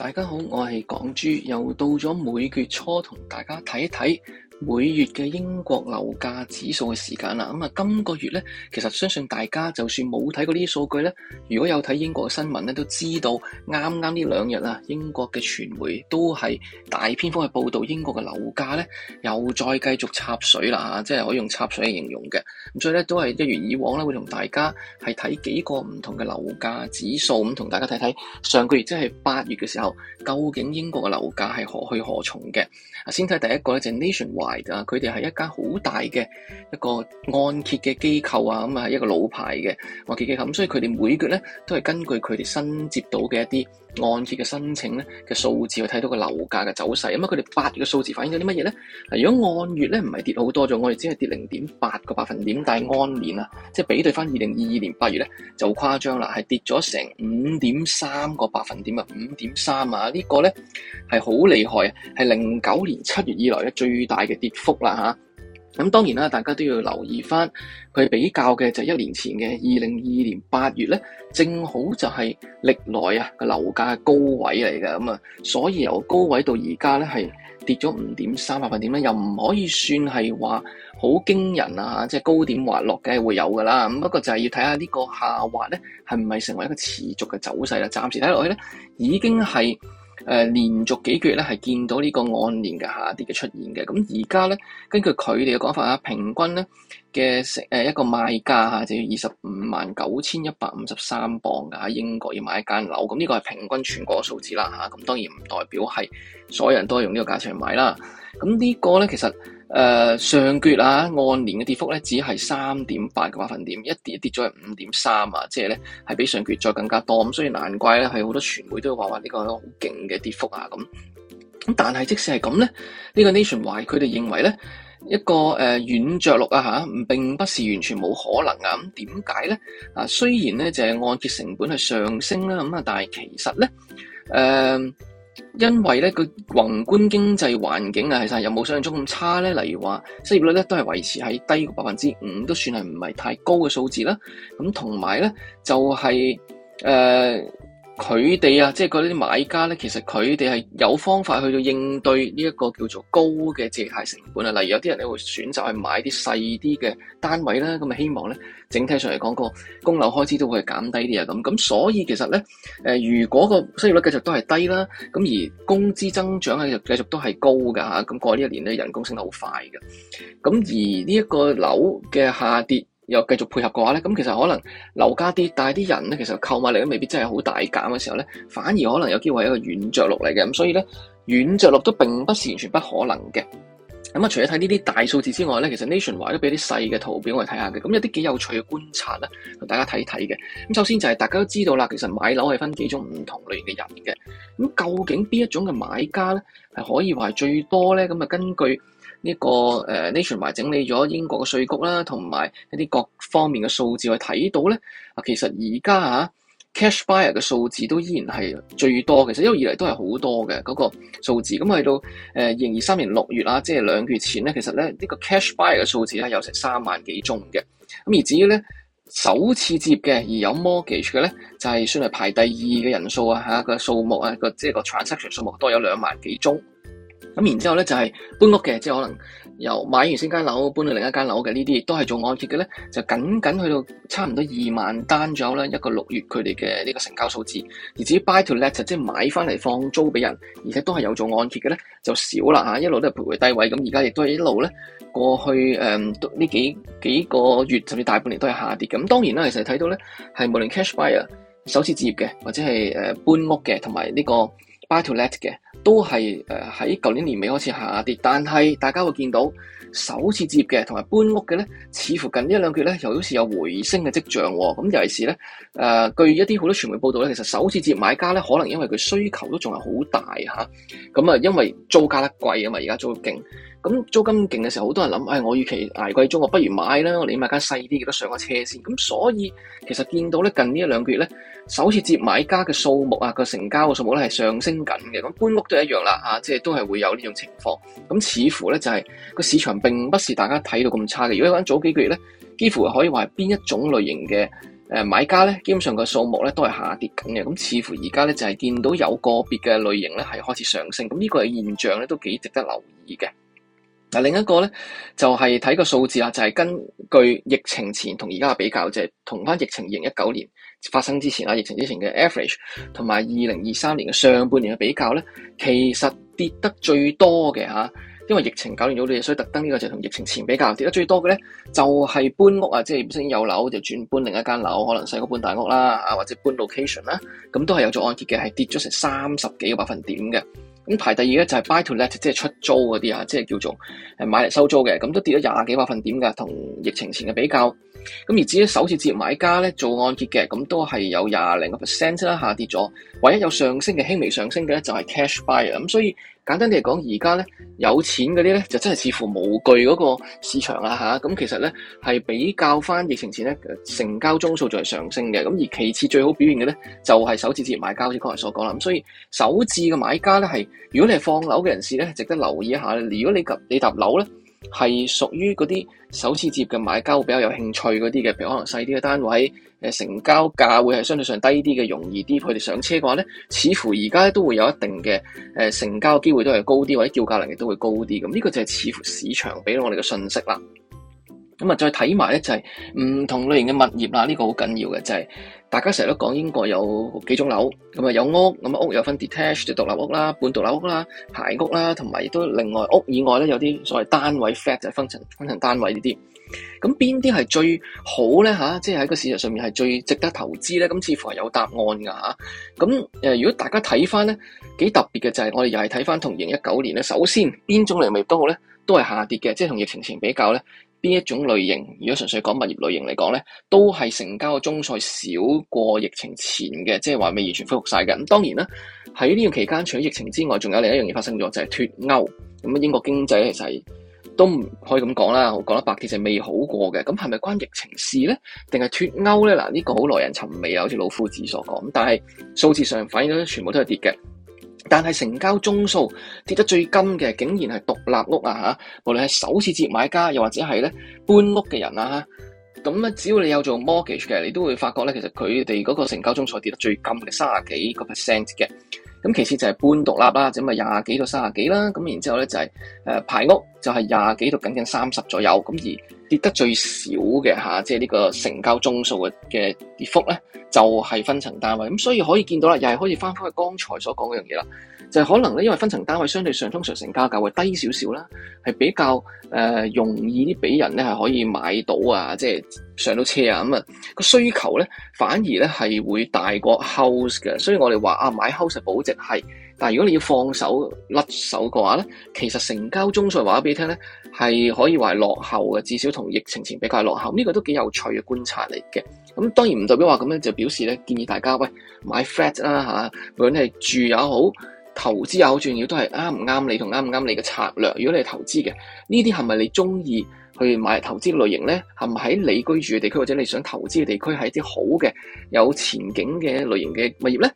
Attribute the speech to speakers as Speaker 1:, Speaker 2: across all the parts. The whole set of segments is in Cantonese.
Speaker 1: 大家好，我係港豬，又到咗每個月初同大家睇一睇，每月嘅英國樓價指數嘅時間啦，咁啊，今個月咧，其實相信大家就算冇睇過呢啲數據咧，如果有睇英國嘅新聞咧，都知道啱啱呢兩日啊，英國嘅傳媒都係大篇幅去報導英國嘅樓價咧，又再繼續插水啦嚇，啊，即係可以用插水嚟形容嘅。咁所以咧，都係一如以往咧，會同大家係睇幾個唔同嘅樓價指數，咁同大家睇睇上個月即係八月嘅時候，究竟英國嘅樓價係何去何從嘅。先睇第一個咧就係 Nationwide。佢哋係一間好大嘅一個按揭嘅機構啊，咁啊係一個老牌嘅按揭嘅，咁所以佢哋每個月咧都係根據佢哋新接到嘅一啲。按揭嘅申請咧嘅數字，去睇到個樓價嘅走勢。咁啊，佢哋八月嘅數字反映咗啲乜嘢咧？如果按月咧唔係跌好多咗，我哋只係跌零點八個百分點，但係按年啊，即係比對翻二零二二年八月咧就誇張啦，係跌咗成五點三個百分點啊，五點三啊！呢個咧係好厲害啊，係零九年七月以來嘅最大嘅跌幅啦嚇。咁當然啦，大家都要留意翻，佢比較嘅就係一年前嘅二零二二年八月咧，正好就係歷來啊個樓價嘅高位嚟嘅，咁啊，所以由高位到而家咧係跌咗五點三百分點咧，又唔可以算係話好驚人啊，即係高點滑落梗係會有噶啦，咁不過就係要睇下呢個下滑咧係唔係成為一個持續嘅走勢啦、啊，暫時睇落去咧已經係。誒連續幾個月咧係見到呢個按年嘅下跌嘅出現嘅，咁而家咧根據佢哋嘅講法啊，平均咧嘅誒一個賣價嚇就要二十五萬九千一百五十三磅㗎，喺英國要買一間樓，咁呢個係平均全國嘅數字啦嚇，咁當然唔代表係所有人都用呢個價錢去買啦，咁呢個咧其實。誒、呃、上月啊，按年嘅跌幅咧只係三點八個百分點，一跌跌咗係五點三啊，即係咧係比上月再更加多，咁所以難怪咧係好多傳媒都話話呢個好勁嘅跌幅啊咁。咁但係即使係咁咧，呢、這個 Nationwide 話佢哋認為咧一個誒、呃、軟着陸啊吓唔並不是完全冇可能啊。咁點解咧？啊雖然咧就係按揭成本係上升啦、啊，咁啊但係其實咧誒。呃因為咧個宏觀經濟環境啊，其實有冇想象中咁差咧。例如話失業率咧都係維持喺低過百分之五，都算係唔係太高嘅數字啦。咁同埋咧就係、是、誒。呃佢哋啊，即係嗰啲買家咧，其實佢哋係有方法去到應對呢一個叫做高嘅借貸成本啊。例如有啲人咧會選擇去買啲細啲嘅單位啦，咁啊希望咧整體上嚟講個供樓開支都會減低啲啊咁。咁所以其實咧，誒如果個失業率繼續都係低啦，咁而工資增長啊，就繼續都係高㗎嚇。咁過呢一年咧，人工升得好快㗎。咁而呢一個樓嘅下跌，又繼續配合嘅話咧，咁其實可能樓價跌，但係啲人咧其實購買力都未必真係好大減嘅時候咧，反而可能有機會係一個軟着陸嚟嘅。咁所以咧，軟着陸都並不是完全不可能嘅。咁、嗯、啊，除咗睇呢啲大數字之外咧，其實 Nationwide 都俾啲細嘅圖表我哋睇下嘅。咁有啲幾有趣嘅觀察啦，同大家睇睇嘅。咁首先就係大家都知道啦，其實買樓係分幾種唔同類型嘅人嘅。咁究竟邊一種嘅買家咧係可以話係最多咧？咁啊，根據呢、這個 Nationwide 埋整理咗英國嘅稅局啦，同埋一啲各方面嘅數字去睇到咧。啊，其實而家嚇 cash buyer 嘅數字都依然係最多，其實一路以嚟都係好多嘅嗰、那個數字。咁去到誒二零二三年六月啦，即係兩月前咧，其實咧呢、這個 cash buyer 嘅數字咧有成三萬幾宗嘅。咁而至於咧首次接嘅而有 mortgage 嘅咧，就係、是、算係排第二嘅人數啊，嚇、那個數目啊，個即係個 transaction 數目多有兩萬幾宗。咁然之後咧就係、是、搬屋嘅，即係可能由買完先間樓搬到另一間樓嘅呢啲，都係做按揭嘅咧，就僅僅去到差唔多二萬單左右啦，一個六月佢哋嘅呢個成交數字。而至於 buy to let 即係買翻嚟，放租俾人，而且都係有做按揭嘅咧，就少啦吓，一路都係徘徊低位咁，而家亦都係一路咧過去誒呢、嗯、幾幾個月甚至大半年都係下跌。咁當然啦，其實睇到咧係無論 cash buyer 首次置業嘅，或者係誒搬屋嘅同埋呢個。Buy to let 嘅都係喺舊年年尾開始下跌，但係大家會見到首次接嘅同埋搬屋嘅咧，似乎近呢一兩個月咧又好似有回升嘅跡象喎、哦。咁尤其係咧誒、呃，據一啲好多傳媒報道咧，其實首次接買家咧，可能因為佢需求都仲係好大吓咁啊，因為租價得貴啊嘛，而家租勁。咁租金勁嘅時候，好多人諗，誒、哎，我預期捱貴租，我不如買啦。我哋買間細啲嘅都上個車先。咁所以其實見到咧，近呢一兩個月咧，首次接買家嘅數目啊，個成交嘅數目咧係上升緊嘅。咁搬屋都一樣啦，嚇、啊，即係都係會有呢種情況。咁似乎咧就係、是、個市場並不是大家睇到咁差嘅。如果講早幾個月咧，幾乎可以話係邊一種類型嘅誒買家咧，基本上個數目咧都係下跌緊嘅。咁似乎而家咧就係、是、見到有個別嘅類型咧係開始上升。咁呢個現象咧都幾值得留意嘅。嗱，另一個咧就係、是、睇個數字啊就係、是、根據疫情前同而家嘅比較，即係同翻疫情二零一九年發生之前啊，疫情之前嘅 average 同埋二零二三年嘅上半年嘅比較咧，其實跌得最多嘅嚇，因為疫情搞亂咗啲嘢，所以特登呢個就同疫情前比較跌得最多嘅咧，就係、是、搬屋啊，即係本身有樓就轉搬另一間樓，可能細個搬大屋啦，啊或者搬 location 啦，咁都係有咗按揭嘅，係跌咗成三十幾個百分點嘅。咁排第二咧就係 buy to let，即係出租嗰啲啊，即係叫做誒買嚟收租嘅，咁都跌咗廿幾百分點噶，同疫情前嘅比較。咁而至於首次置業買家咧做按揭嘅，咁都係有廿零個 percent 啦，下跌咗。唯一有上升嘅、輕微上升嘅咧就係 cash buyer。咁所以。簡單地嚟講，而家咧有錢嗰啲咧就真係似乎無懼嗰個市場啦、啊、咁、啊、其實咧係比較翻疫情前咧成交宗數仲係上升嘅，咁而其次最好表現嘅咧就係、是、首次置業買家，好似剛才所講啦，咁所以首次嘅買家咧係如果你係放樓嘅人士咧，值得留意一下咧，如果你及你揼樓咧。係屬於嗰啲首次接嘅買家會比較有興趣嗰啲嘅，譬如可能細啲嘅單位，誒、呃、成交價會係相對上低啲嘅，容易啲佢哋上車嘅話咧，似乎而家都會有一定嘅誒、呃、成交嘅機會都係高啲，或者叫價能力都會高啲咁，呢個就係似乎市場俾我哋嘅信息啦。咁啊，再睇埋咧就係、是、唔同類型嘅物業啦，呢、這個好緊要嘅就係、是、大家成日都講英國有幾種樓，咁啊有屋，咁啊屋有分 detached 獨立屋啦、半獨立屋啦、排屋啦，同埋亦都另外屋以外咧有啲所謂單位 flat 就 function, 分層分層單位呢啲。咁邊啲係最好咧吓？即係喺個市場上面係最值得投資咧？咁似乎係有答案噶吓。咁誒，如果大家睇翻咧幾特別嘅就係我哋又係睇翻同二零一九年咧，首先邊種類型都好咧，都係下跌嘅，即係同疫情前比較咧。邊一種類型？如果純粹講物業類型嚟講咧，都係成交個中數少過疫情前嘅，即係話未完全恢復晒嘅。咁當然啦，喺呢段期間除咗疫情之外，仲有另一樣嘢發生咗，就係、是、脫歐咁。英國經濟其實都唔可以咁講啦，我講得白其實未好過嘅。咁係咪關疫情事咧？定係脫歐咧？嗱、這個，呢個好耐人尋味啊，好似老夫子所講，但係數字上反映咗，全部都係跌嘅。但係成交宗數跌得最甘嘅，竟然係獨立屋啊！吓，無論係首次接買家，又或者係咧搬屋嘅人啊，咁啊，只要你有做 mortgage 嘅，你都會發覺咧，其實佢哋嗰個成交宗數跌得最甘嘅，三十幾個 percent 嘅。咁其次就係半獨立啦，咁啊廿幾到三十幾啦，咁然之後咧就係誒排屋就係廿幾到僅僅三十左右咁而。跌得最少嘅，啊，即係呢個成交宗數嘅嘅跌幅咧，就係分層單位咁，嗯，所以可以見到啦，又係可以翻返去剛才所講嗰樣嘢啦，就係、是，可能咧，因為分層單位相對上通常成交價會低少少啦，係比較誒，呃，容易啲俾人咧係可以買到啊，即係上到車啊，咁啊個需求咧反而咧係會大過 house 嘅，所以我哋話啊買 house 保值係，但係如果你要放手甩手嘅話咧，其實成交中數話俾你聽咧，係可以話係落後嘅，至少同疫情前比較落後。呢個都幾有趣嘅觀察嚟嘅。咁當然唔代表話咁咧，就表示咧建議大家喂買 flat 啦、啊、嚇，無論係住也好、投資也好，仲要都係啱唔啱你同啱唔啱你嘅策略。如果你係投資嘅，呢啲係咪你中意去買投資嘅類型咧？係咪喺你居住嘅地區或者你想投資嘅地區係一啲好嘅有前景嘅類型嘅物業咧？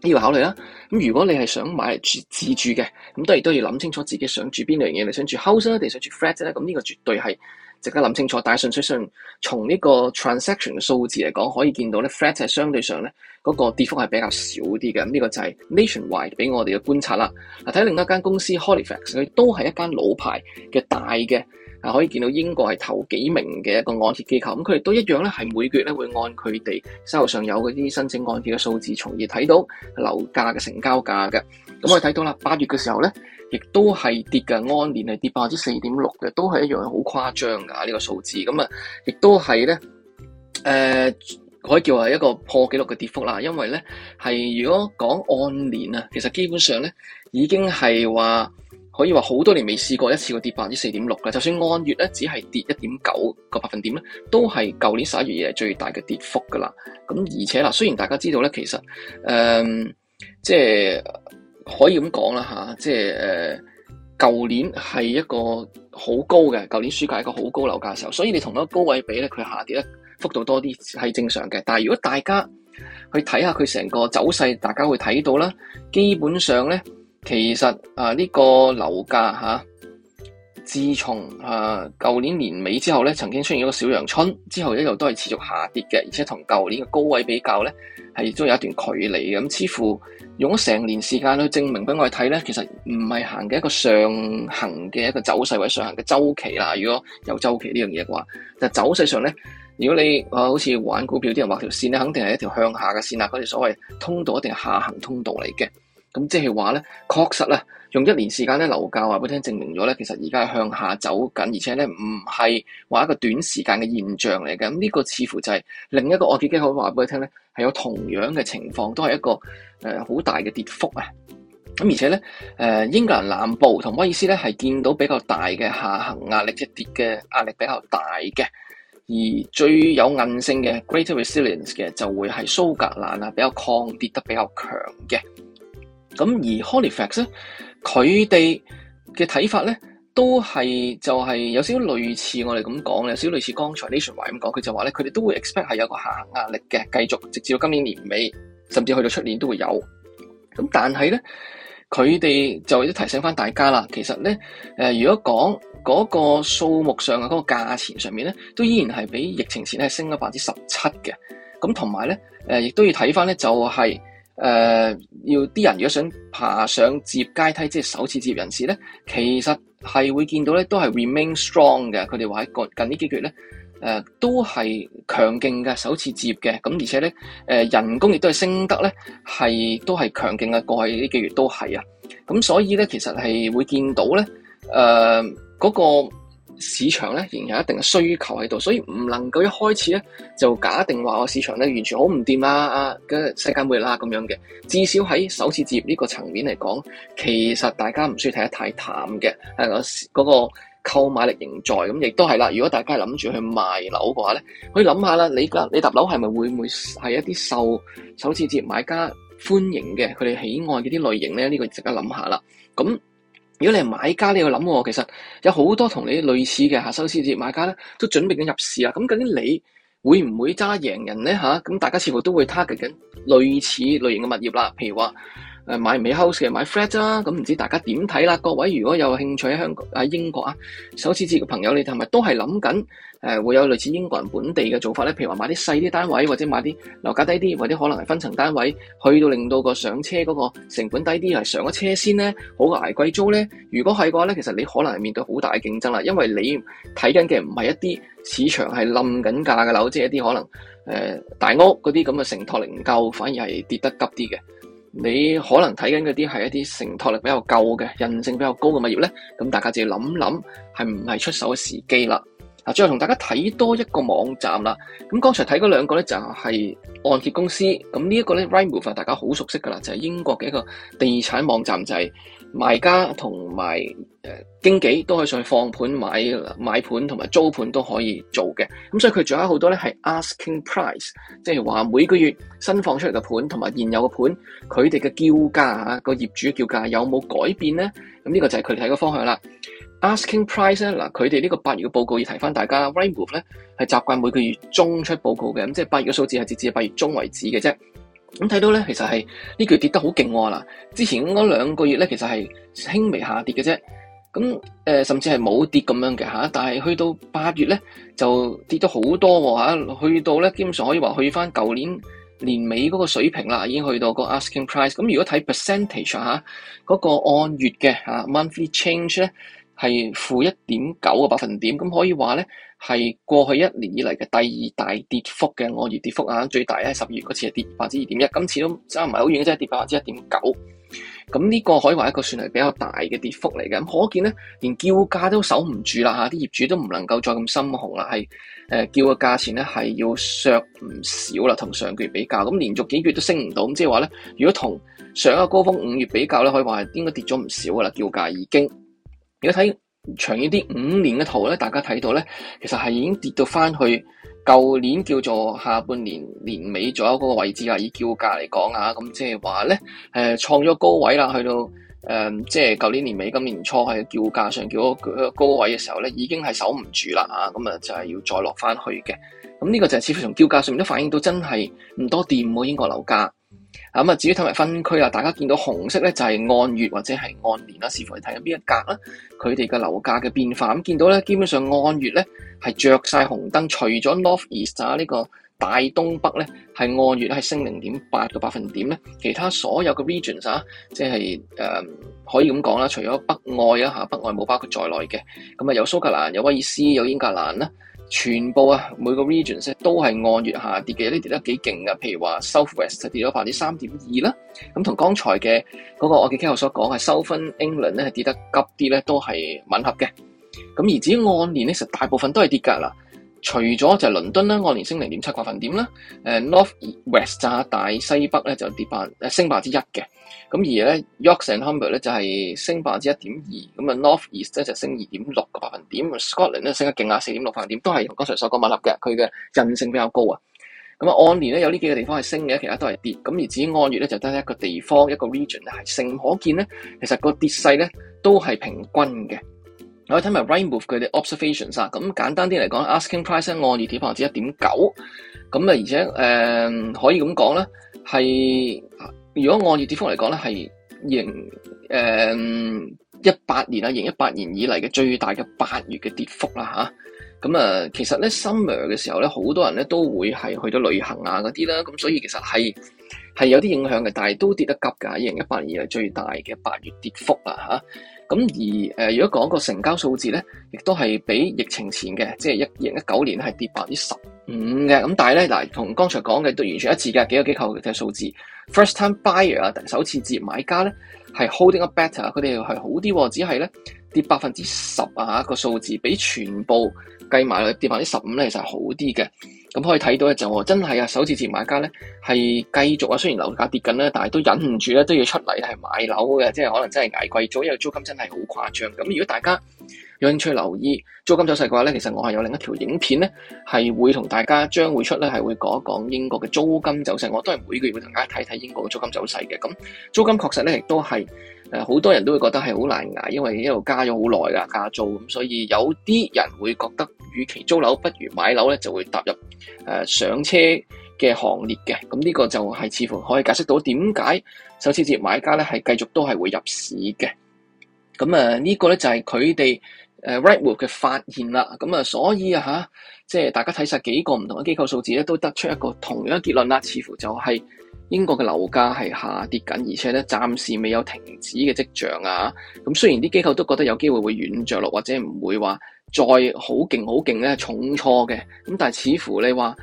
Speaker 1: 呢個考慮啦，咁如果你係想買嚟自住嘅，咁都係都要諗清楚自己想住邊類嘢，你想住 house 咧定想住 flat 咧，咁呢個絕對係值得諗清楚。但係純粹上，從呢個 transaction 嘅數字嚟講，可以見到咧 flat 係相對上咧嗰、那個跌幅係比較少啲嘅。呢、那個就係 Nationwide 俾我哋嘅觀察啦。嗱，睇另一間公司 Halifax 佢都係一間老牌嘅大嘅。啊，可以見到英國係頭幾名嘅一個按揭機構，咁佢哋都一樣咧，係每個月咧會按佢哋手上有嗰啲申請按揭嘅數字，從而睇到樓價嘅成交價嘅。咁我哋睇到啦，八月嘅時候咧，亦都係跌嘅，按年係跌百分之四點六嘅，都係一樣好誇張噶呢、這個數字。咁啊，亦都係咧，誒、呃、可以叫係一個破紀錄嘅跌幅啦，因為咧係如果講按年啊，其實基本上咧已經係話。可以話好多年未試過一次過跌百分之四點六嘅，就算按月咧只係跌一點九個百分點咧，都係舊年十一月以嚟最大嘅跌幅噶啦。咁而且嗱，雖然大家知道咧，其實誒、呃，即係可以咁講啦吓，即係誒，舊、呃、年係一個好高嘅，舊年暑假一個好高樓價嘅時候，所以你同嗰個高位比咧，佢下跌咧幅度多啲係正常嘅。但係如果大家去睇下佢成個走勢，大家會睇到啦，基本上咧。其實啊，呢、這個樓價吓、啊，自從啊舊年年尾之後咧，曾經出現一個小陽春，之後一度都係持續下跌嘅，而且同舊年嘅高位比較咧，係亦都有一段距離嘅。咁、嗯、似乎用咗成年時間去證明俾我哋睇咧，其實唔係行嘅一個上行嘅一個走勢或者上行嘅周期啦、啊。如果有周期呢樣嘢嘅話，但係走勢上咧，如果你啊好似玩股票啲人畫條線咧，肯定係一條向下嘅線啊。嗰條所謂通道一定係下行的通道嚟嘅。咁即係話咧，確實咧，用一年時間咧，樓價話俾你聽，證明咗咧，其實而家係向下走緊，而且咧唔係話一個短時間嘅現象嚟嘅。咁呢個似乎就係另一個機構可以話俾你聽咧，係有同樣嘅情況，都係一個誒好、呃、大嘅跌幅啊。咁而且咧，誒、呃、英格蘭南部同威爾斯咧係見到比較大嘅下行壓力，即、就、係、是、跌嘅壓力比較大嘅。而最有韌性嘅 greater resilience 嘅就會係蘇格蘭啊，比較抗跌得比較強嘅。咁而 Halifax 咧，佢哋嘅睇法咧，都係就係、是、有少少類似我哋咁講，有少類似剛才 Nationwide 咁講，佢就話咧，佢哋都會 expect 係有個下行壓力嘅，繼續直至到今年年尾，甚至去到出年都會有。咁但係咧，佢哋就為咗提醒翻大家啦，其實咧，誒、呃，如果講嗰、那個數目上嘅嗰、那個價錢上面咧，都依然係比疫情前咧升咗百分之十七嘅。咁同埋咧，誒、呃，亦都要睇翻咧，就係、是、誒。呃要啲人如果想爬上置業階梯，即係首次置業人士咧，其實係會見到咧、呃，都係 remain strong 嘅。佢哋話喺近呢幾月咧，都係強勁嘅首次置業嘅。咁而且咧、呃，人工亦都係升得咧，係都係強勁嘅。過去呢幾月都係啊。咁所以咧，其實係會見到咧，誒、呃、嗰、嗰個。市場咧，仍然有一定嘅需求喺度，所以唔能夠一開始咧，就假定話個市場咧完全好唔掂啊啊嘅世界末日啦咁樣嘅。至少喺首次置業呢個層面嚟講，其實大家唔需要睇得太淡嘅。嗰、啊嗰個購買力仍在，咁亦都係啦。如果大家諗住去賣樓嘅話咧，可以諗下啦。你搭你揼樓係咪會唔會係一啲受首次置業買家歡迎嘅佢哋喜愛嘅啲類型咧？呢、呢個值得諗下啦。咁。如果你係買家，你要諗喎，其實有好多同你類似嘅下收置業買家咧，都準備緊入市啦。咁究竟你會唔會揸贏人咧？吓，咁大家似乎都會 target 緊類,類似類型嘅物業啦，譬如話。買唔起 house 嘅買 flat 啦、啊，咁唔知大家點睇啦？各位如果有興趣喺香港、喺英國啊，首次置嘅朋友，你係咪都係諗緊誒會有類似英國人本地嘅做法咧？譬如話買啲細啲單位，或者買啲樓價低啲，或者可能係分層單位，去到令到個上車嗰個成本低啲，係上咗車先咧，好過捱貴租咧。如果係嘅話咧，其實你可能係面對好大嘅競爭啦，因為你睇緊嘅唔係一啲市場係冧緊價嘅樓，即係一啲可能、呃、大屋嗰啲咁嘅承托力唔夠，反而係跌得急啲嘅。你可能睇緊嗰啲係一啲承托力比較夠嘅、韌性比較高嘅物業咧，咁大家就要諗諗係唔係出手嘅時機啦。再同大家睇多一個網站啦。咁剛才睇嗰兩個咧就係按揭公司。咁呢一個咧，Rightmove 啊，大家好熟悉噶啦，就係英國嘅一個地產網站，就係賣家同埋誒經紀都可以上去放盤買、買買盤同埋租盤都可以做嘅。咁所以佢仲有好多咧係 asking price，即係話每個月新放出嚟嘅盤同埋現有嘅盤，佢哋嘅叫價啊，個業主叫價有冇改變咧？咁呢個就係佢哋睇個方向啦。asking price 咧，嗱佢哋呢個八月嘅報告要提翻大家，Rightmove 咧係習慣每個月中出報告嘅，咁即係八月嘅數字係截至八月中為止嘅啫。咁睇到咧，其實係呢個月跌得好勁喎，嗱，之前嗰兩個月咧其實係輕微下跌嘅啫，咁誒、呃、甚至係冇跌咁樣嘅嚇，但係去到八月咧就跌咗好多喎、啊、去到咧基本上可以話去翻舊年年尾嗰個水平啦，已經去到個 asking price。咁如果睇 percentage 啊嚇，嗰、那個按月嘅嚇 monthly change 咧。係負一點九個百分點，咁可以話咧係過去一年以嚟嘅第二大跌幅嘅按月跌幅啊！最大咧係十月嗰次係跌百分之二點一，今次都差唔係好遠，即係跌百分之一點九。咁呢個可以話一個算係比較大嘅跌幅嚟嘅。咁可見咧，連叫價都守唔住啦吓，啲業主都唔能夠再咁心紅啦，係、呃、叫嘅價錢咧係要削唔少啦，同上個月比較咁、嗯、連續幾個月都升唔到，咁即係話咧，如果同上一個高峰五月比較咧，可以話係應該跌咗唔少噶啦，叫價已經。而家睇長遠啲五年嘅圖咧，大家睇到咧，其實係已經跌到翻去舊年叫做下半年年尾左右嗰個位置啊，以叫價嚟講啊，咁即係話咧，誒創咗高位啦，去到誒即係舊年年尾、今年初喺叫價上叫咗高位嘅時候咧，已經係守唔住啦啊，咁啊就係要再落翻去嘅。咁呢個就係似乎從叫價上面都反映到真係唔多掂喎，英國樓價。咁啊，至於睇埋分區啊，大家見到紅色咧就係按月或者係按年啦，視乎你睇緊邊一格啦，佢哋嘅樓價嘅變化。咁見到咧，基本上按月咧係着晒紅燈，除咗 North East 啊呢個大東北咧係按月係升零點八個百分點咧，其他所有嘅 regions 啊，即係誒可以咁講啦，除咗北愛啊嚇北愛冇包括在內嘅。咁啊，有蘇格蘭、有威爾斯、有英格蘭啦。全部啊，每個 region 都係按月下跌嘅。呢，跌得幾勁啊。譬如話 Southwest 跌咗百分之三點二啦，咁同剛才嘅嗰個我嘅 k e 所講嘅收分 England 咧係跌得急啲咧，都係吻合嘅。咁而至於按年咧，其實大部分都係跌㗎啦。除咗就係倫敦啦，按年升零點七個百分點啦。誒、uh, North West 炸大西北咧就跌百誒升百分之一嘅。咁而咧 Yorkshire and Humber 咧就係升百分之一點二。咁啊 North East 咧就升二點六個百分點。Scotland 咧升得勁啊，四點六百分點，都係剛才所講馬立嘅，佢嘅韌性比較高啊。咁啊按年咧有呢幾個地方係升嘅，其他都係跌。咁而至於按月咧就得一個地方一個 region 咧係升，可見咧其實個跌勢咧都係平均嘅。我哋睇埋 Rightmove 佢哋 observations 啊，咁簡單啲嚟講，asking price 咧按月跌百分之一點九，咁啊而且誒、呃、可以咁講咧，係如果按月跌幅嚟講咧，係二零誒一八年、呃、年啊，二零一八年以嚟嘅最大嘅八月嘅跌幅啦吓，咁啊其實咧 summer 嘅時候咧，好多人咧都會係去咗旅行啊嗰啲啦，咁所以其實係係有啲影響嘅，但係都跌得急㗎，二零一八年以嚟最大嘅八月跌幅啦吓。啊.咁而、呃、如果講個成交數字咧，亦都係比疫情前嘅，即係二零一九年係跌百分之十五嘅。咁但係咧，嗱，同剛才講嘅都完全一致嘅幾個機構嘅數字。First time buyer 啊，首次置業買家咧係 holding up better，佢哋係好啲，只係咧跌百分之十啊，啊個數字，比全部計埋落跌百分之十五咧，其實係好啲嘅。咁可以睇到咧，就真係啊！首次置買家咧，係繼續啊。雖然樓價跌緊啦，但係都忍唔住咧，都要出嚟係買樓嘅。即係可能真係捱貴租，因為租金真係好誇張。咁如果大家有興趣留意租金走勢嘅話咧，其實我係有另一條影片咧，係會同大家將會出咧，係會講一講英國嘅租金走勢。我都係每個月會同大家睇睇英國嘅租金走勢嘅。咁租金確實咧，亦都係誒好多人都會覺得係好難捱，因為一路加咗好耐噶，加租咁，所以有啲人會覺得，與其租樓，不如買樓咧，就會踏入。誒、呃，上車嘅行列嘅，咁呢個就係似乎可以解釋到點解首次置業買家咧係繼續都係會入市嘅。咁啊，呢、這個咧就係佢哋誒 Rightmove 嘅發現啦。咁啊，所以啊吓，即、就、係、是、大家睇晒幾個唔同嘅機構數字咧，都得出一個同樣嘅結論啦。似乎就係英國嘅樓價係下跌緊，而且咧暫時未有停止嘅跡象啊。咁雖然啲機構都覺得有機會會軟着陸，或者唔會話。再好勁好勁咧重挫嘅。咁但係似乎你話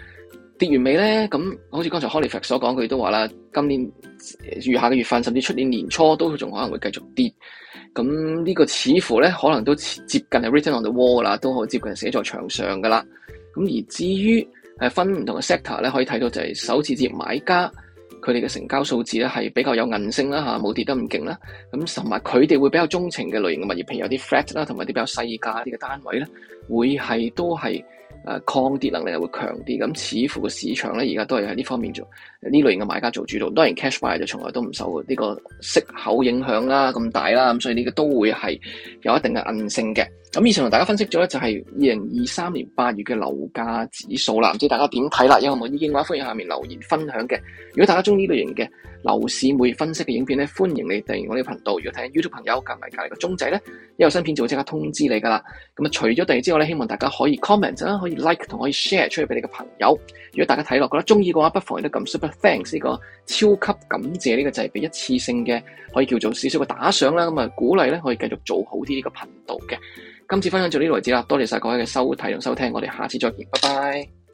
Speaker 1: 跌完未咧？咁好似剛才 Halifax 所講，佢都話啦，今年餘、呃、下嘅月份甚至出年年初都仲可能會繼續跌，咁呢個似乎咧可能都接近係 written on the wall 啦，都好接近係寫在牆上噶啦，咁而至於係分唔同嘅 sector 咧，可以睇到就係首次接買家。佢哋嘅成交數字咧係比較有韌性啦嚇，冇跌得咁勁啦。咁同埋佢哋會比較鍾情嘅類型嘅物業，譬如有啲 flat 啦，同埋啲比較細價啲嘅單位咧，會係都係。誒抗跌能力又會強啲，咁似乎個市場咧而家都係喺呢方面做呢類型嘅買家做主導。當然 cash buy 就從來都唔受呢個息口影響啦，咁大啦，咁所以呢個都會係有一定嘅韌性嘅。咁以上同大家分析咗咧，就係二零二三年八月嘅樓價指數啦，唔知大家點睇啦？有唔同意見嘅話，歡迎下面留言分享嘅。如果大家中意呢類型嘅，樓市每月分析嘅影片咧，歡迎你訂閱我哋頻道。如果睇 YouTube 朋友，撳埋隔籬個鐘仔咧，一有新片就會即刻通知你噶啦。咁啊，除咗訂閱之外咧，希望大家可以 comment 啦，可以 like 同可以 share 出去俾你嘅朋友。如果大家睇落覺得中意嘅話，不妨都撳 super thanks 呢個超級感謝呢、呢個就係俾一次性嘅，可以叫做少少嘅打賞啦。咁啊鼓勵咧可以繼續做好啲呢個頻道嘅。今次分享就呢度為止啦，多謝晒各位嘅收睇同收聽，我哋下次再見，拜拜。